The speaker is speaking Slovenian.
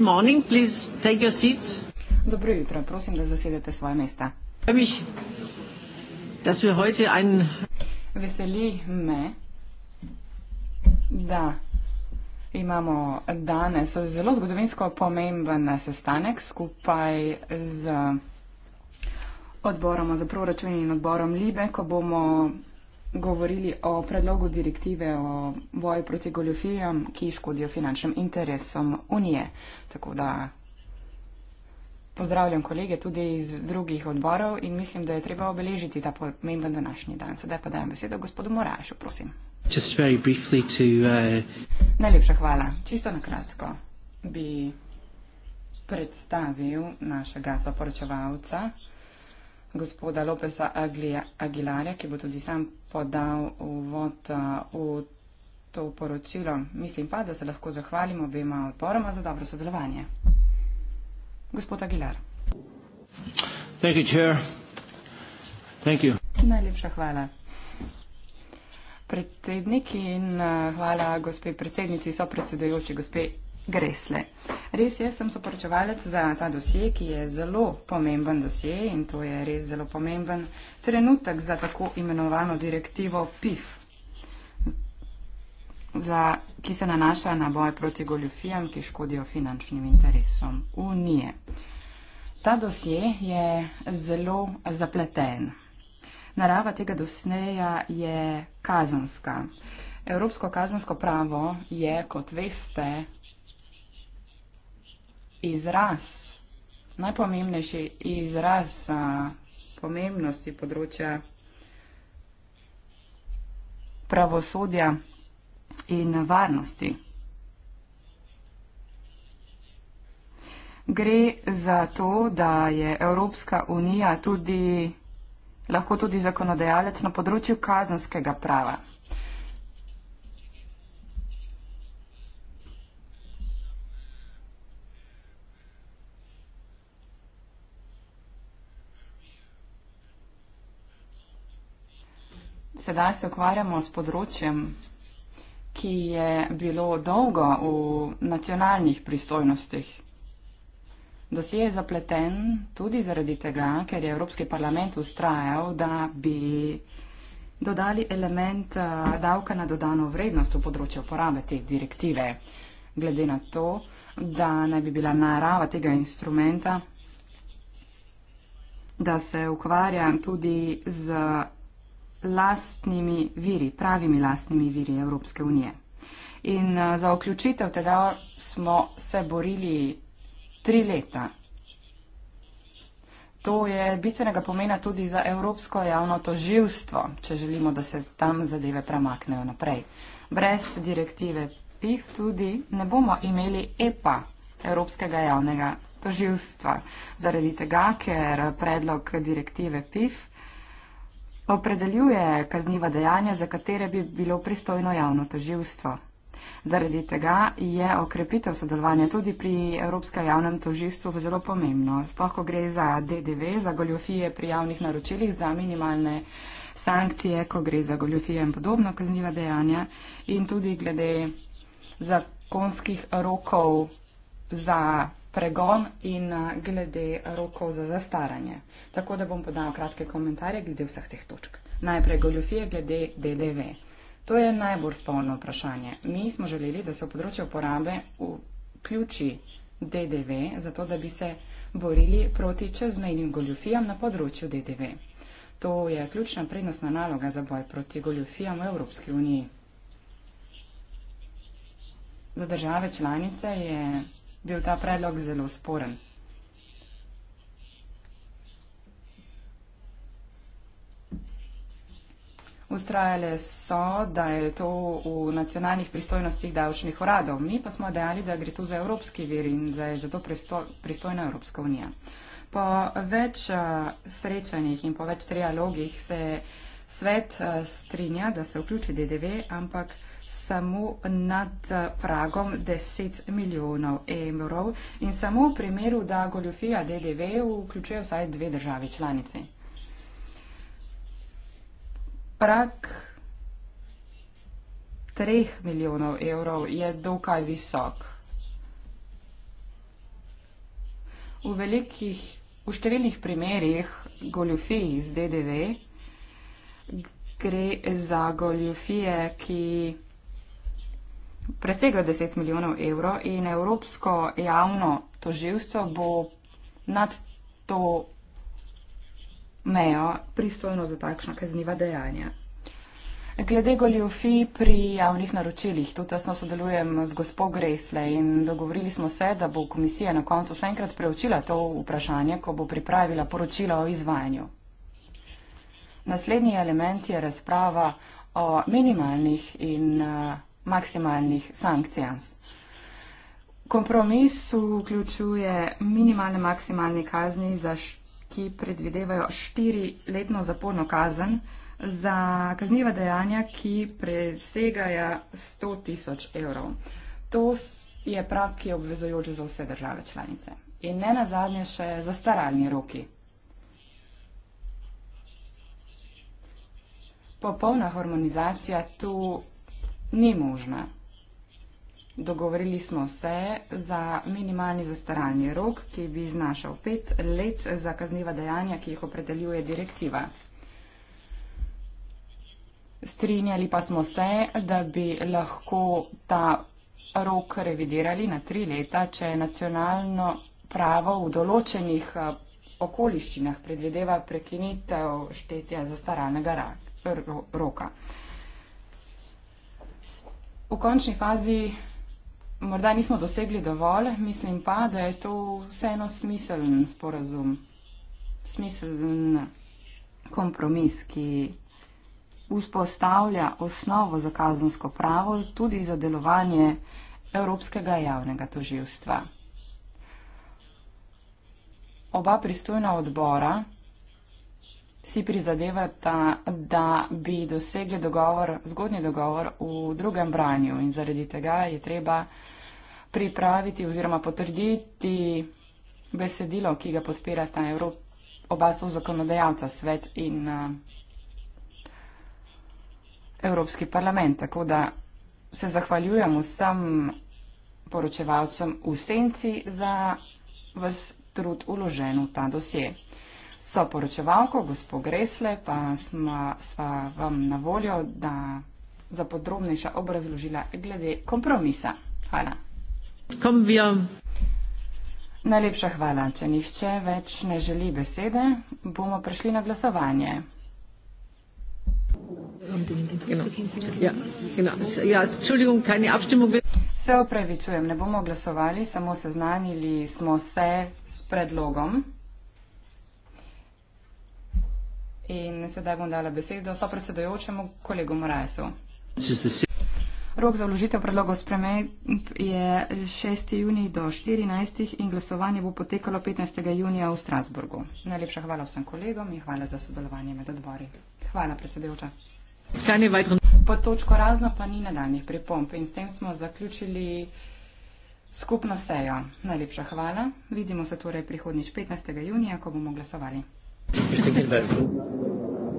Good morning, please take your seats. Dobro jutro, prosim, da zasedete svoje mesta. Veseli me, da imamo danes zelo zgodovinsko pomemben sestanek skupaj z odborom za proračun in odborom Libe, ko bomo govorili o predlogu direktive o boju proti goljofijam, ki škodijo finančnim interesom Unije. Tako da pozdravljam kolege tudi iz drugih odborov in mislim, da je treba obeležiti ta pomemben današnji dan. Sedaj pa dajem besedo gospodu Morašu, prosim. Just very briefly to, uh... Najlepša hvala. Čisto na kratko bi predstavil našega soporočevalca gospoda Lopesa Aguilarja, ki bo tudi sam podal uvod v to poročilo. Mislim pa, da se lahko zahvalimo obema odporoma za dobro sodelovanje. Gospod Aguilar. Thank you, chair. Thank you. Najlepša hvala. Predsednik in hvala gospe predsednici, so predsedujoči gospe gresle. Res, jaz sem soporočevalec za ta dosje, ki je zelo pomemben dosje in to je res zelo pomemben trenutek za tako imenovano direktivo PIF, za, ki se nanaša na boj proti goljofijam, ki škodijo finančnim interesom Unije. Ta dosje je zelo zapleten. Narava tega dosneja je kazanska. Evropsko kazansko pravo je, kot veste, izraz, najpomembnejši izraz uh, pomembnosti področja pravosodja in varnosti. Gre za to, da je Evropska unija tudi, lahko tudi zakonodajalec na področju kazanskega prava. Uh, Sedaj se ukvarjamo s področjem, ki je bilo dolgo v nacionalnih pristojnostih. Dosje je zapleten tudi zaradi tega, ker je Evropski parlament ustrajal, da bi dodali element eh, davka na dodano vrednost v področju uporabe te direktive, glede na to, da naj bi bila narava tega instrumenta, da se ukvarja tudi z lastnimi viri, pravimi lastnimi viri Evropske unije. In eh, za vključitev tega smo se borili tri leta. To je bistvenega pomena tudi za evropsko javno toživstvo, če želimo, da se tam zadeve premaknejo naprej. Brez direktive PIF tudi ne bomo imeli EPA, Evropskega javnega toživstva. Zaradi tega, ker predlog direktive PIF opredeljuje kazniva dejanja, za katere bi bilo pristojno javno toživstvo. Zaradi tega je okrepitev sodelovanja tudi pri Evropskem javnem toživstvu zelo pomembno. Sploh, ko gre za DDV, za goljofije pri javnih naročilih, za minimalne sankcije, ko gre za goljofije in podobno kazniva dejanja in tudi glede zakonskih rokov za pregon in glede rokov za zastaranje. Tako da bom podala kratke komentarje glede vseh teh točk. Najprej goljofije glede DDV. To je najbolj spolno vprašanje. Mi smo želeli, da se v področju uporabe vključi DDV, zato da bi se borili proti čezmejnim goljofijam na področju DDV. To je ključna prednostna naloga za boj proti goljofijam v Evropski uniji. Za države članice je bil ta predlog zelo sporen. Ustrajale so, da je to v nacionalnih pristojnostih davčnih uradov. Mi pa smo dejali, da gre to za evropski vir in da je zato pristojna Evropska unija. Po več eh, srečanjih in po več trialogih se svet eh, strinja, da se vključi DDV, ampak samo nad eh, pragom 10 milijonov evrov in samo v primeru, da goljofija DDV vključuje vsaj dve državi članici. Prag 3 milijonov evrov je dokaj visok. V velikih, v številnih primerih goljofij z DDV gre za goljofije, ki presega 10 milijonov evrov in Evropsko javno toživstvo bo nad to mejo pristojno za takšna kazniva dejanja. Glede goljofi pri javnih naročilih, tu tesno sodelujem z gospo Gresle in dogovorili smo se, da bo komisija na koncu še enkrat preučila to vprašanje, ko bo pripravila poročilo o izvajanju. Naslednji element je razprava o minimalnih in uh, maksimalnih sankcij. Kompromis vključuje minimalne maksimalne kazni, ki predvidevajo štiriletno zaporno kazen za kazniva dejanja, ki presegajo 100 tisoč evrov. To je prav, ki je obvezojoč za vse države članice. In ne na zadnje še zastaralni roki. Popolna harmonizacija tu ni možna. Dogovorili smo se za minimalni zastaralni rok, ki bi znašal pet let za kazniva dejanja, ki jih opredeljuje direktiva. Strinjali pa smo se, da bi lahko ta rok revidirali na tri leta, če je nacionalno pravo v določenih eh, okoliščinah predvideva prekinitev štetja zastaralnega roka v končni fazi morda nismo dosegli dovolj, mislim pa, da je to vseeno smiseln sporazum, smiseln kompromis, ki vzpostavlja osnovo za kazensko pravo tudi za delovanje Evropskega javnega toživstva. Oba pristojna odbora si prizadevata, da bi dosegli dogovor, zgodnji dogovor v drugem branju in zaradi tega je treba pripraviti oziroma potrditi besedilo, ki ga podpirata Evrop, oba so zakonodajalca, svet in eh, Evropski parlament. Tako da se zahvaljujem vsem poročevalcem v senci za vas trud uložen v ta dosje soporočevalko, gospo Gresle, pa sma, sva vam na voljo, da za podrobnejša obrazložila glede kompromisa. Hvala. Kombijom. Najlepša hvala. Če nihče več ne želi besede, bomo prišli na glasovanje. Ja, ja, se opravičujem, ne bomo glasovali, samo seznanili smo se s predlogom. In sedaj bom dala besedo so predsedojočemu kolegu Morajsu. Rok za vložitev predlogov sprememb je 6. juni do 14. in glasovanje bo potekalo 15. junija v Strasburgu. Najlepša hvala vsem kolegom in hvala za sodelovanje med odbori. Hvala, predsedujoča. Po točko razno pa ni nadaljnih pripomp in s tem smo zaključili skupno sejo. Najlepša hvala. Vidimo se torej prihodnič 15. junija, ko bomo glasovali. Thank you.